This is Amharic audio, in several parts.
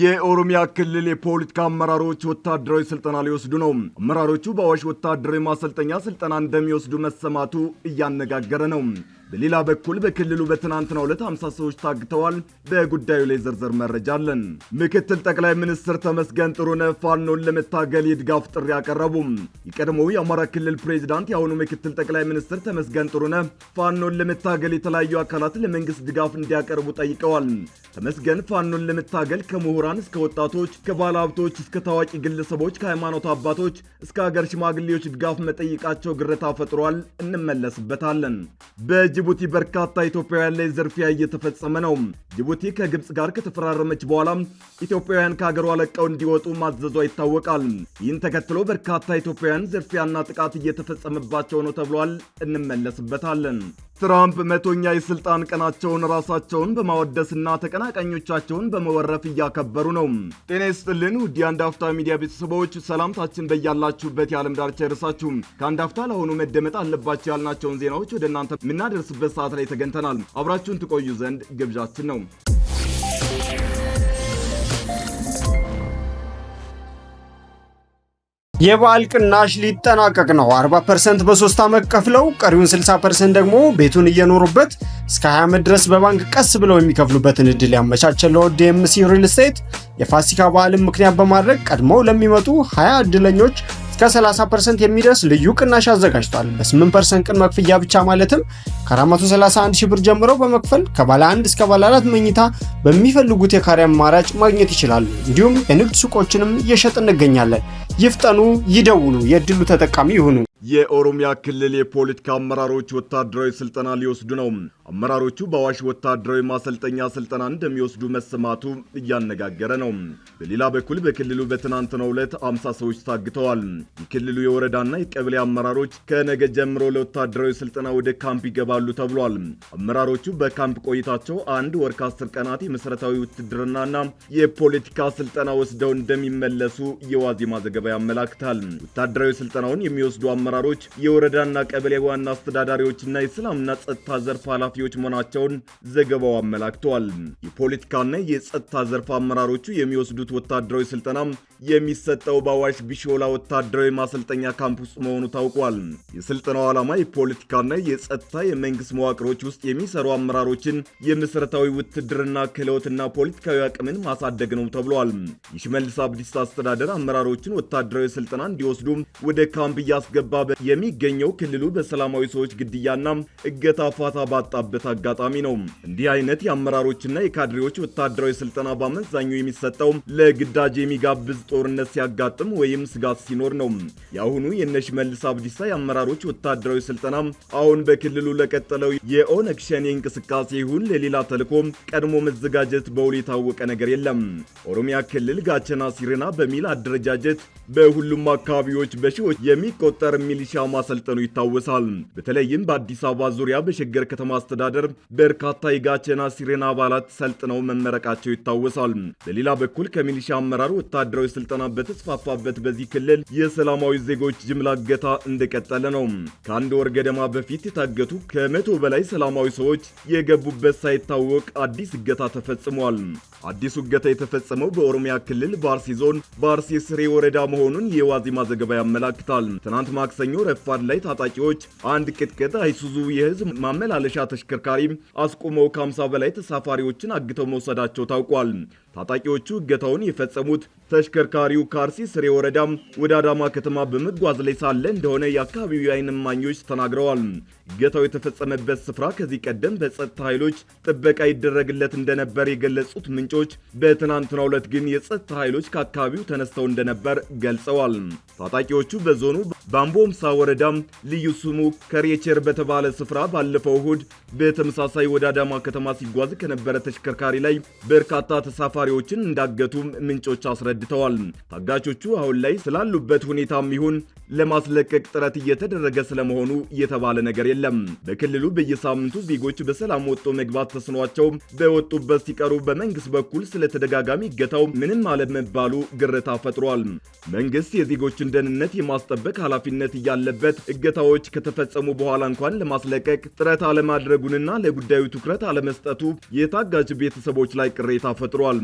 የኦሮሚያ ክልል የፖለቲካ አመራሮች ወታደራዊ ስልጠና ሊወስዱ ነው። አመራሮቹ በአዋሽ ወታደራዊ ማሰልጠኛ ስልጠና እንደሚወስዱ መሰማቱ እያነጋገረ ነው። በሌላ በኩል በክልሉ በትናንትናው ዕለት 50 ሰዎች ታግተዋል። በጉዳዩ ላይ ዝርዝር መረጃ አለን። ምክትል ጠቅላይ ሚኒስትር ተመስገን ጥሩነህ ፋኖን ለመታገል የድጋፍ ጥሪ አቀረቡ። የቀድሞው የአማራ ክልል ፕሬዚዳንት የአሁኑ ምክትል ጠቅላይ ሚኒስትር ተመስገን ጥሩነህ ፋኖን ለመታገል የተለያዩ አካላት ለመንግስት ድጋፍ እንዲያቀርቡ ጠይቀዋል። ተመስገን ፋኖን ለመታገል ከምሁራን እስከ ወጣቶች፣ ከባለ ሀብቶች እስከ ታዋቂ ግለሰቦች፣ ከሃይማኖት አባቶች እስከ ሀገር ሽማግሌዎች ድጋፍ መጠየቃቸው ግርታ ፈጥሯል። እንመለስበታለን። በጅቡቲ በርካታ ኢትዮጵያውያን ላይ ዝርፊያ እየተፈጸመ ነው። ጅቡቲ ከግብፅ ጋር ከተፈራረመች በኋላ ኢትዮጵያውያን ከሀገሯ ለቀው እንዲወጡ ማዘዟ ይታወቃል። ይህን ተከትሎ በርካታ ኢትዮጵያውያን ዝርፊያና ጥቃት እየተፈጸመባቸው ነው ተብሏል። እንመለስበታለን። ትራምፕ መቶኛ የስልጣን ቀናቸውን ራሳቸውን በማወደስና ተቀናቃኞቻቸውን በመወረፍ እያከበሩ ነው። ጤና ይስጥልን ውድ የአንድ አፍታ ሚዲያ ቤተሰቦች ሰላምታችን በያላችሁበት የዓለም ዳርቻ ይድረሳችሁ። ከአንድ አፍታ ለሆኑ መደመጥ አለባቸው ያልናቸውን ዜናዎች ወደ እናንተ የምናደርስ በሚደርስበት ሰዓት ላይ ተገኝተናል። አብራችሁን ትቆዩ ዘንድ ግብዣችን ነው። የበዓል ቅናሽ ሊጠናቀቅ ነው። 40 በሶስት ዓመት ከፍለው ቀሪውን 60 ደግሞ ቤቱን እየኖሩበት እስከ 20 ዓመት ድረስ በባንክ ቀስ ብለው የሚከፍሉበትን እድል ያመቻቸለው ዲኤምሲ ሪል ስቴት የፋሲካ በዓልን ምክንያት በማድረግ ቀድመው ለሚመጡ 20 እድለኞች እስከ 30% የሚደርስ ልዩ ቅናሽ አዘጋጅቷል። በ8% ቅን መክፍያ ብቻ ማለትም ከ431 ሺህ ብር ጀምሮ በመክፈል ከባለ 1 እስከ ባለ 4 መኝታ በሚፈልጉት የካሬ አማራጭ ማግኘት ይችላሉ። እንዲሁም የንግድ ሱቆችንም እየሸጥ እንገኛለን። ይፍጠኑ፣ ይደውሉ፣ የድሉ ተጠቃሚ ይሁኑ። የኦሮሚያ ክልል የፖለቲካ አመራሮች ወታደራዊ ስልጠና ሊወስዱ ነው። አመራሮቹ በአዋሽ ወታደራዊ ማሰልጠኛ ስልጠና እንደሚወስዱ መሰማቱ እያነጋገረ ነው። በሌላ በኩል በክልሉ በትናንትናው ዕለት 50 ሰዎች ታግተዋል። የክልሉ የወረዳና የቀበሌ አመራሮች ከነገ ጀምሮ ለወታደራዊ ስልጠና ወደ ካምፕ ይገባሉ ተብሏል። አመራሮቹ በካምፕ ቆይታቸው አንድ ወር ከአስር ቀናት የመሠረታዊ ውትድርናና የፖለቲካ ስልጠና ወስደው እንደሚመለሱ የዋዜማ ዘገባ ዘገባ ያመላክታል። ወታደራዊ ስልጠናውን የሚወስዱ አመራሮች የወረዳና ቀበሌ ዋና አስተዳዳሪዎችና የሰላምና ጸጥታ ዘርፍ ኃላፊዎች መሆናቸውን ዘገባው አመላክተዋል። የፖለቲካና የጸጥታ ዘርፍ አመራሮቹ የሚወስዱት ወታደራዊ ስልጠና የሚሰጠው በአዋሽ ቢሾላ ወታደራዊ ማሰልጠኛ ካምፕ ውስጥ መሆኑ ታውቋል። የስልጠናው ዓላማ የፖለቲካና የጸጥታ የመንግስት መዋቅሮች ውስጥ የሚሰሩ አመራሮችን የመሠረታዊ ውትድርና ክህሎትና ፖለቲካዊ አቅምን ማሳደግ ነው ተብሏል። የሽመልስ አብዲስ አስተዳደር አመራሮችን ወታደራዊ ስልጠና እንዲወስዱ ወደ ካምፕ እያስገባ የሚገኘው ክልሉ በሰላማዊ ሰዎች ግድያና እገታ ፋታ ባጣበት አጋጣሚ ነው። እንዲህ አይነት የአመራሮችና የካድሬዎች ወታደራዊ ስልጠና በአመዛኙ የሚሰጠው ለግዳጅ የሚጋብዝ ጦርነት ሲያጋጥም ወይም ስጋት ሲኖር ነው። የአሁኑ መልስ አብዲሳ የአመራሮች ወታደራዊ ስልጠና አሁን በክልሉ ለቀጠለው የኦነግ ሸኔ እንቅስቃሴ ይሁን ለሌላ ተልኮ ቀድሞ መዘጋጀት በውል የታወቀ ነገር የለም። ኦሮሚያ ክልል ጋቸና ሲሬና በሚል አደረጃጀት በሁሉም አካባቢዎች በሺዎች የሚቆጠር ሚሊሻ ማሰልጠኑ ይታወሳል። በተለይም በአዲስ አበባ ዙሪያ በሸገር ከተማ አስተዳደር በርካታ የጋቸና ሲሬን አባላት ሰልጥነው መመረቃቸው ይታወሳል። በሌላ በኩል ከሚሊሻ አመራር ወታደራዊ ስልጠና በተስፋፋበት በዚህ ክልል የሰላማዊ ዜጎች ጅምላ እገታ እንደቀጠለ ነው። ከአንድ ወር ገደማ በፊት የታገቱ ከመቶ በላይ ሰላማዊ ሰዎች የገቡበት ሳይታወቅ አዲስ እገታ ተፈጽሟል። አዲሱ እገታ የተፈጸመው በኦሮሚያ ክልል በአርሲ ዞን በአርሲ ስሬ ወረዳ መሆ መሆኑን የዋዜማ ዘገባ ያመላክታል። ትናንት ማክሰኞ ረፋድ ላይ ታጣቂዎች አንድ ቅጥቅጥ አይሱዙ የህዝብ ማመላለሻ ተሽከርካሪ አስቁመው ከ50 በላይ ተሳፋሪዎችን አግተው መውሰዳቸው ታውቋል። ታጣቂዎቹ እገታውን የፈጸሙት ተሽከርካሪው ካርሲ ስሬ ወረዳ ወደ አዳማ ከተማ በመጓዝ ላይ ሳለ እንደሆነ የአካባቢው የአይን እማኞች ተናግረዋል። እገታው የተፈጸመበት ስፍራ ከዚህ ቀደም በጸጥታ ኃይሎች ጥበቃ ይደረግለት እንደነበር የገለጹት ምንጮች በትናንትናው ዕለት ግን የጸጥታ ኃይሎች ከአካባቢው ተነስተው እንደነበር ገልጸዋል። ታጣቂዎቹ በዞኑ በአምቦምሳ ወረዳ ልዩ ስሙ ከሬቸር በተባለ ስፍራ ባለፈው እሁድ በተመሳሳይ ወደ አዳማ ከተማ ሲጓዝ ከነበረ ተሽከርካሪ ላይ በርካታ ተሳፋሪዎችን እንዳገቱ ምንጮች አስረድተዋል። ታጋቾቹ አሁን ላይ ስላሉበት ሁኔታም ይሁን ለማስለቀቅ ጥረት እየተደረገ ስለመሆኑ የተባለ ነገር የለም። በክልሉ በየሳምንቱ ዜጎች በሰላም ወጥቶ መግባት ተስኗቸው በወጡበት ሲቀሩ በመንግስት በኩል ስለ ተደጋጋሚ እገታው ምንም አለመባሉ ግርታ ፈጥሯል። መንግስት የዜጎችን ደህንነት የማስጠበቅ ኃላፊነት እያለበት እገታዎች ከተፈጸሙ በኋላ እንኳን ለማስለቀቅ ጥረት አለማድረጉንና ለጉዳዩ ትኩረት አለመስጠቱ የታጋጅ ቤተሰቦች ላይ ቅሬታ ፈጥሯል።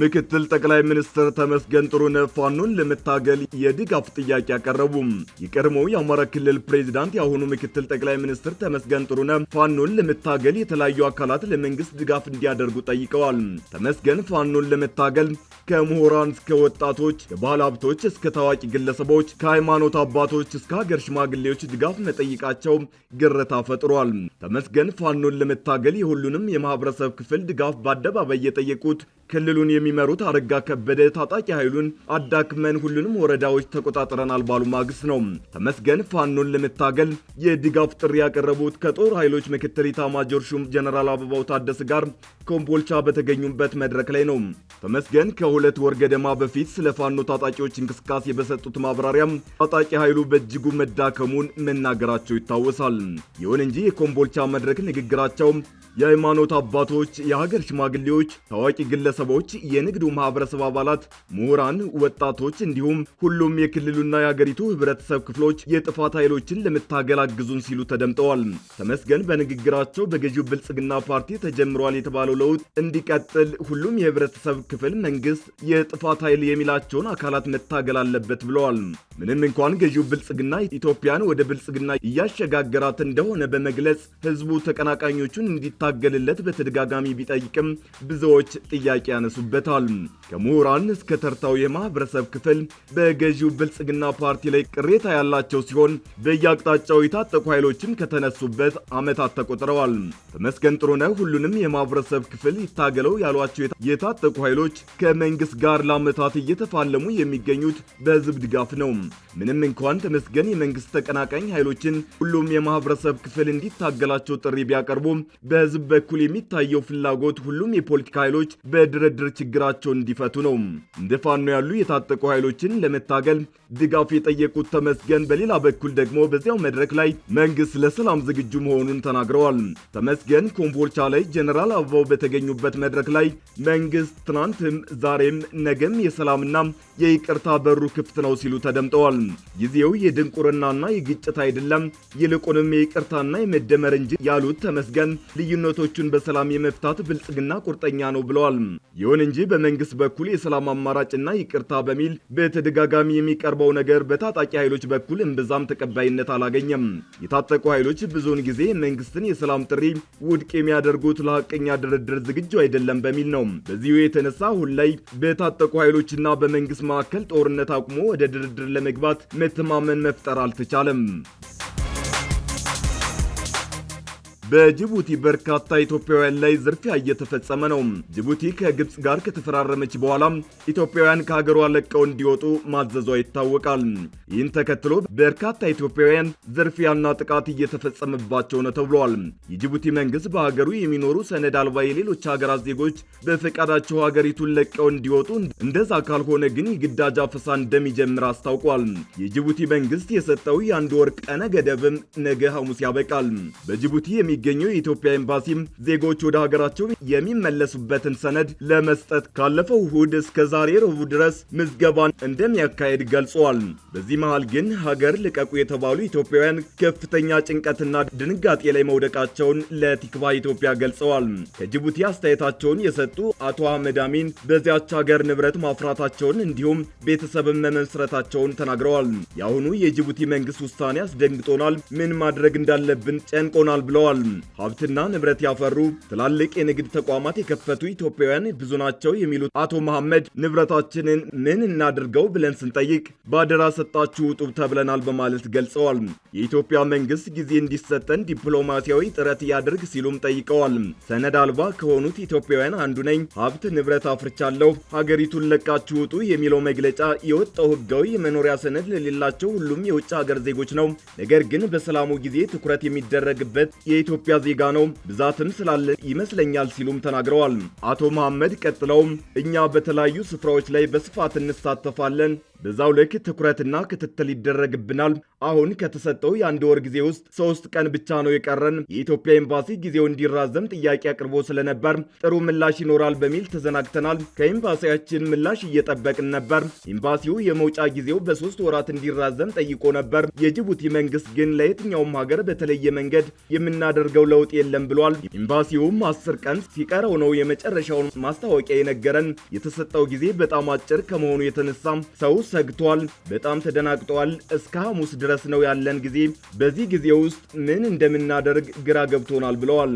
ምክትል ጠቅላይ ሚኒስትር ተመስገን ጥሩነህ ፋኖን ለመታገል የድጋፍ ጥያቄ ያቀረቡ። የቀድሞው የአማራ ክልል ፕሬዚዳንት የአሁኑ ምክትል ጠቅላይ ሚኒስትር ተመስገን ጥሩነህ ፋኖን ለመታገል የተለያዩ አካላት ለመንግስት ድጋፍ እንዲያደርጉ ጠይቀዋል። ተመስገን ፋኖን ለመታገል ከምሁራን እስከ ወጣቶች፣ ከባህል ሀብቶች እስከ ታዋቂ ግለሰቦች፣ ከሃይማኖት አባቶች እስከ ሀገር ሽማግሌዎች ድጋፍ መጠይቃቸው ግርታ ፈጥሯል። ተመስገን ፋኖን ለመታገል የሁሉንም የማህበረሰብ ክፍል ድጋፍ በአደባባይ የጠየቁት ክልሉን የሚመሩት አረጋ ከበደ ታጣቂ ኃይሉን አዳክመን ሁሉንም ወረዳዎች ተቆጣጥረናል ባሉ ማግስት ነው ተመስገን ፋኖን ለመታገል የድጋፍ ጥሪ ያቀረቡት ከጦር ኃይሎች ምክትል ኢታማጆር ሹም ጀነራል አበባው ታደሰ ጋር ኮምቦልቻ በተገኙበት መድረክ ላይ ነው። ተመስገን ከሁለት ወር ገደማ በፊት ስለ ፋኖ ታጣቂዎች እንቅስቃሴ በሰጡት ማብራሪያም ታጣቂ ኃይሉ በእጅጉ መዳከሙን መናገራቸው ይታወሳል። ይሁን እንጂ የኮምቦልቻ መድረክ ንግግራቸው የሃይማኖት አባቶች፣ የሀገር ሽማግሌዎች፣ ታዋቂ ግለሰቦች ግለሰቦች፣ የንግዱ ማህበረሰብ አባላት፣ ምሁራን፣ ወጣቶች እንዲሁም ሁሉም የክልሉና የአገሪቱ ህብረተሰብ ክፍሎች የጥፋት ኃይሎችን ለመታገል አግዙን ሲሉ ተደምጠዋል። ተመስገን በንግግራቸው በገዢው ብልጽግና ፓርቲ ተጀምሯል የተባለው ለውጥ እንዲቀጥል ሁሉም የህብረተሰብ ክፍል መንግስት የጥፋት ኃይል የሚላቸውን አካላት መታገል አለበት ብለዋል። ምንም እንኳን ገዢው ብልጽግና ኢትዮጵያን ወደ ብልጽግና እያሸጋገራት እንደሆነ በመግለጽ ህዝቡ ተቀናቃኞቹን እንዲታገልለት በተደጋጋሚ ቢጠይቅም ብዙዎች ጥያቄ ያነሱበታል። ከምሁራን እስከ ተርታው የማህበረሰብ ክፍል በገዢው ብልጽግና ፓርቲ ላይ ቅሬታ ያላቸው ሲሆን በየአቅጣጫው የታጠቁ ኃይሎችም ከተነሱበት ዓመታት ተቆጥረዋል። ተመስገን ጥሩነህ ሁሉንም የማህበረሰብ ክፍል ይታገለው ያሏቸው የታጠቁ ኃይሎች ከመንግስት ጋር ለዓመታት እየተፋለሙ የሚገኙት በህዝብ ድጋፍ ነው። ምንም እንኳን ተመስገን የመንግስት ተቀናቃኝ ኃይሎችን ሁሉም የማህበረሰብ ክፍል እንዲታገላቸው ጥሪ ቢያቀርቡም በህዝብ በኩል የሚታየው ፍላጎት ሁሉም የፖለቲካ ኃይሎች በድ በድርድር ችግራቸውን እንዲፈቱ ነው። እንደ ፋኖ ያሉ የታጠቁ ኃይሎችን ለመታገል ድጋፍ የጠየቁት ተመስገን፣ በሌላ በኩል ደግሞ በዚያው መድረክ ላይ መንግስት ለሰላም ዝግጁ መሆኑን ተናግረዋል። ተመስገን ኮምቦልቻ ላይ ጀነራል አበባው በተገኙበት መድረክ ላይ መንግስት ትናንትም ዛሬም ነገም የሰላምና የይቅርታ በሩ ክፍት ነው ሲሉ ተደምጠዋል። ጊዜው የድንቁርናና የግጭት አይደለም፣ ይልቁንም የይቅርታና የመደመር እንጂ ያሉት ተመስገን ልዩነቶቹን በሰላም የመፍታት ብልጽግና ቁርጠኛ ነው ብለዋል። ይሁን እንጂ በመንግስት በኩል የሰላም አማራጭና ይቅርታ በሚል በተደጋጋሚ የሚቀርበው ነገር በታጣቂ ኃይሎች በኩል እምብዛም ተቀባይነት አላገኘም። የታጠቁ ኃይሎች ብዙውን ጊዜ መንግስትን የሰላም ጥሪ ውድቅ የሚያደርጉት ለሀቀኛ ድርድር ዝግጁ አይደለም በሚል ነው። በዚሁ የተነሳ አሁን ላይ በታጠቁ ኃይሎችና በመንግስት መካከል ጦርነት አቁሞ ወደ ድርድር ለመግባት መተማመን መፍጠር አልተቻለም። በጅቡቲ በርካታ ኢትዮጵያውያን ላይ ዝርፊያ እየተፈጸመ ነው። ጅቡቲ ከግብፅ ጋር ከተፈራረመች በኋላ ኢትዮጵያውያን ከሀገሯ ለቀው እንዲወጡ ማዘዟ ይታወቃል። ይህን ተከትሎ በርካታ ኢትዮጵያውያን ዝርፊያና ጥቃት እየተፈጸመባቸው ነው ተብሏል። የጅቡቲ መንግስት በሀገሩ የሚኖሩ ሰነድ አልባ የሌሎች ሀገራት ዜጎች በፈቃዳቸው ሀገሪቱን ለቀው እንዲወጡ፣ እንደዛ ካልሆነ ግን የግዳጅ አፈሳ እንደሚጀምር አስታውቋል። የጅቡቲ መንግስት የሰጠው የአንድ ወር ቀነ ገደብም ነገ ሐሙስ ያበቃል። በጅቡቲ የሚ የሚገኘው የኢትዮጵያ ኤምባሲም ዜጎች ወደ ሀገራቸው የሚመለሱበትን ሰነድ ለመስጠት ካለፈው እሁድ እስከ ዛሬ ረቡዕ ድረስ ምዝገባን እንደሚያካሄድ ገልጿል። በዚህ መሃል ግን ሀገር ልቀቁ የተባሉ ኢትዮጵያውያን ከፍተኛ ጭንቀትና ድንጋጤ ላይ መውደቃቸውን ለቲክቫ ኢትዮጵያ ገልጸዋል። ከጅቡቲ አስተያየታቸውን የሰጡ አቶ አህመድ አሚን በዚያች ሀገር ንብረት ማፍራታቸውን እንዲሁም ቤተሰብን መመስረታቸውን ተናግረዋል። የአሁኑ የጅቡቲ መንግስት ውሳኔ አስደንግጦናል፣ ምን ማድረግ እንዳለብን ጨንቆናል ብለዋል። ሀብትና ንብረት ያፈሩ ትላልቅ የንግድ ተቋማት የከፈቱ ኢትዮጵያውያን ብዙ ናቸው የሚሉት አቶ መሐመድ ንብረታችንን ምን እናድርገው ብለን ስንጠይቅ በአደራ ሰጣችሁ ውጡ ተብለናል በማለት ገልጸዋል። የኢትዮጵያ መንግስት ጊዜ እንዲሰጠን ዲፕሎማሲያዊ ጥረት ያድርግ ሲሉም ጠይቀዋል። ሰነድ አልባ ከሆኑት ኢትዮጵያውያን አንዱ ነኝ፣ ሀብት ንብረት አፍርቻለሁ፣ ሀገሪቱን ለቃችሁ ውጡ የሚለው መግለጫ የወጣው ህጋዊ የመኖሪያ ሰነድ ለሌላቸው ሁሉም የውጭ ሀገር ዜጎች ነው። ነገር ግን በሰላሙ ጊዜ ትኩረት የሚደረግበት የኢትዮ የኢትዮጵያ ዜጋ ነው፣ ብዛትም ስላለ ይመስለኛል ሲሉም ተናግረዋል። አቶ መሐመድ ቀጥለውም እኛ በተለያዩ ስፍራዎች ላይ በስፋት እንሳተፋለን በዛው ልክ ትኩረትና ክትትል ይደረግብናል። አሁን ከተሰጠው የአንድ ወር ጊዜ ውስጥ ሶስት ቀን ብቻ ነው የቀረን። የኢትዮጵያ ኤምባሲ ጊዜው እንዲራዘም ጥያቄ አቅርቦ ስለነበር ጥሩ ምላሽ ይኖራል በሚል ተዘናግተናል። ከኤምባሲያችን ምላሽ እየጠበቅን ነበር። ኤምባሲው የመውጫ ጊዜው በሶስት ወራት እንዲራዘም ጠይቆ ነበር። የጅቡቲ መንግስት ግን ለየትኛውም ሀገር በተለየ መንገድ የምናደርገው ለውጥ የለም ብሏል። ኤምባሲውም አስር ቀን ሲቀረው ነው የመጨረሻውን ማስታወቂያ የነገረን። የተሰጠው ጊዜ በጣም አጭር ከመሆኑ የተነሳ ሰው ሰግቷል። በጣም ተደናግጧል። እስከ ሐሙስ ድረስ ነው ያለን ጊዜ። በዚህ ጊዜ ውስጥ ምን እንደምናደርግ ግራ ገብቶናል ብለዋል።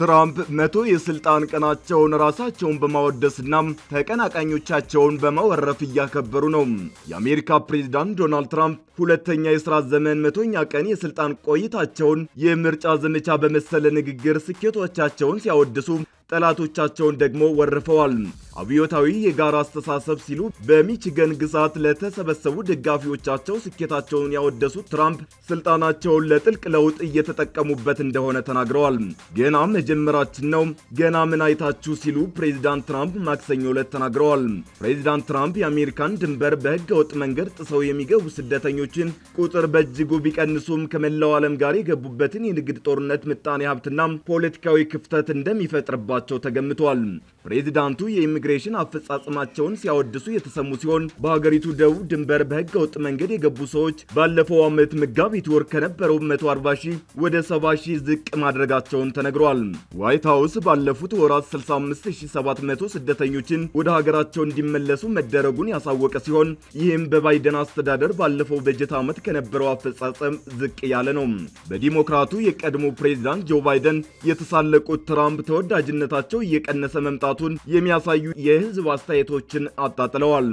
ትራምፕ መቶ የስልጣን ቀናቸውን ራሳቸውን በማወደስና ተቀናቃኞቻቸውን በማወረፍ እያከበሩ ነው። የአሜሪካ ፕሬዝዳንት ዶናልድ ትራምፕ ሁለተኛ የሥራ ዘመን መቶኛ ቀን የስልጣን ቆይታቸውን የምርጫ ዘመቻ በመሰለ ንግግር ስኬቶቻቸውን ሲያወድሱ ጠላቶቻቸውን ደግሞ ወርፈዋል። አብዮታዊ የጋራ አስተሳሰብ ሲሉ በሚችገን ግዛት ለተሰበሰቡ ደጋፊዎቻቸው ስኬታቸውን ያወደሱት ትራምፕ ስልጣናቸውን ለጥልቅ ለውጥ እየተጠቀሙበት እንደሆነ ተናግረዋል። ገና መጀመራችን ነው፣ ገና ምን አይታችሁ ሲሉ ፕሬዚዳንት ትራምፕ ማክሰኞ ዕለት ተናግረዋል። ፕሬዚዳንት ትራምፕ የአሜሪካን ድንበር በሕገ ወጥ መንገድ ጥሰው የሚገቡ ስደተኞችን ቁጥር በእጅጉ ቢቀንሱም ከመላው ዓለም ጋር የገቡበትን የንግድ ጦርነት ምጣኔ ሀብትና ፖለቲካዊ ክፍተት እንደሚፈጥርባ መኖራቸው ተገምቷል። ፕሬዚዳንቱ የኢሚግሬሽን አፈጻጸማቸውን ሲያወድሱ የተሰሙ ሲሆን በሀገሪቱ ደቡብ ድንበር በህገ ወጥ መንገድ የገቡ ሰዎች ባለፈው ዓመት መጋቢት ወር ከነበረው 140 ሺህ ወደ 70 ሺህ ዝቅ ማድረጋቸውን ተነግሯል። ዋይት ሀውስ ባለፉት ወራት 65700 ስደተኞችን ወደ ሀገራቸው እንዲመለሱ መደረጉን ያሳወቀ ሲሆን ይህም በባይደን አስተዳደር ባለፈው በጀት ዓመት ከነበረው አፈጻጸም ዝቅ ያለ ነው። በዲሞክራቱ የቀድሞ ፕሬዚዳንት ጆ ባይደን የተሳለቁት ትራምፕ ተወዳጅነታቸው እየቀነሰ መምጣቱ መውጣቱን የሚያሳዩ የህዝብ አስተያየቶችን አጣጥለዋል።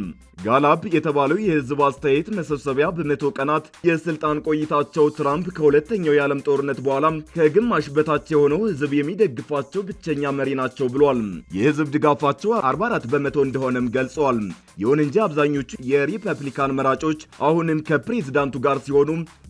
ጋላብ የተባለው የህዝብ አስተያየት መሰብሰቢያ በመቶ ቀናት የስልጣን ቆይታቸው ትራምፕ ከሁለተኛው የዓለም ጦርነት በኋላ ከግማሽ በታች የሆነው ህዝብ የሚደግፋቸው ብቸኛ መሪ ናቸው ብሏል። የህዝብ ድጋፋቸው 44 በመቶ እንደሆነም ገልጸዋል። ይሁን እንጂ አብዛኞቹ የሪፐብሊካን መራጮች አሁንም ከፕሬዝዳንቱ ጋር ሲሆኑ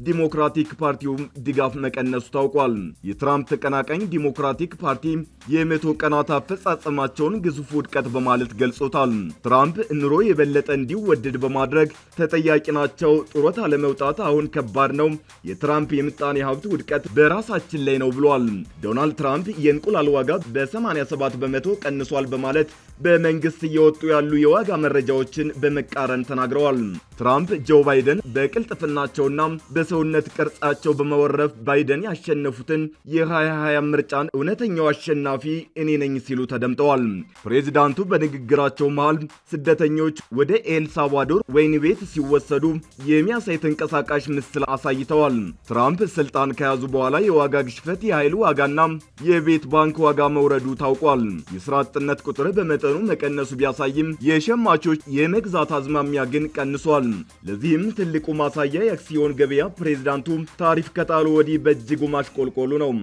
ዲሞክራቲክ ፓርቲውም ድጋፍ መቀነሱ ታውቋል። የትራምፕ ተቀናቃኝ ዲሞክራቲክ ፓርቲ የመቶ ቀናት አፈጻጸማቸው ያደረሳቸውን ግዙፍ ውድቀት በማለት ገልጾታል። ትራምፕ ኑሮ የበለጠ እንዲወደድ በማድረግ ተጠያቂ ናቸው። ጡረታ ለመውጣት አሁን ከባድ ነው። የትራምፕ የምጣኔ ሀብት ውድቀት በራሳችን ላይ ነው ብሏል። ዶናልድ ትራምፕ የእንቁላል ዋጋ በ87 በመቶ ቀንሷል በማለት በመንግስት እየወጡ ያሉ የዋጋ መረጃዎችን በመቃረን ተናግረዋል። ትራምፕ ጆ ባይደን በቅልጥፍናቸውና በሰውነት ቅርጻቸው በመወረፍ ባይደን ያሸነፉትን የ2020 ምርጫን እውነተኛው አሸናፊ እኔ ነኝ ሲሉ ተደምጠዋል። ተናግረዋል። ፕሬዚዳንቱ በንግግራቸው መሃል ስደተኞች ወደ ኤልሳልቫዶር ወይን ቤት ሲወሰዱ የሚያሳይ ተንቀሳቃሽ ምስል አሳይተዋል። ትራምፕ ስልጣን ከያዙ በኋላ የዋጋ ግሽፈት፣ የኃይል ዋጋና የቤት ባንክ ዋጋ መውረዱ ታውቋል። የስራ አጥነት ቁጥር በመጠኑ መቀነሱ ቢያሳይም የሸማቾች የመግዛት አዝማሚያ ግን ቀንሷል። ለዚህም ትልቁ ማሳያ የአክሲዮን ገበያ ፕሬዚዳንቱ ታሪፍ ከጣሉ ወዲህ በእጅጉ ማሽቆልቆሉ ነው።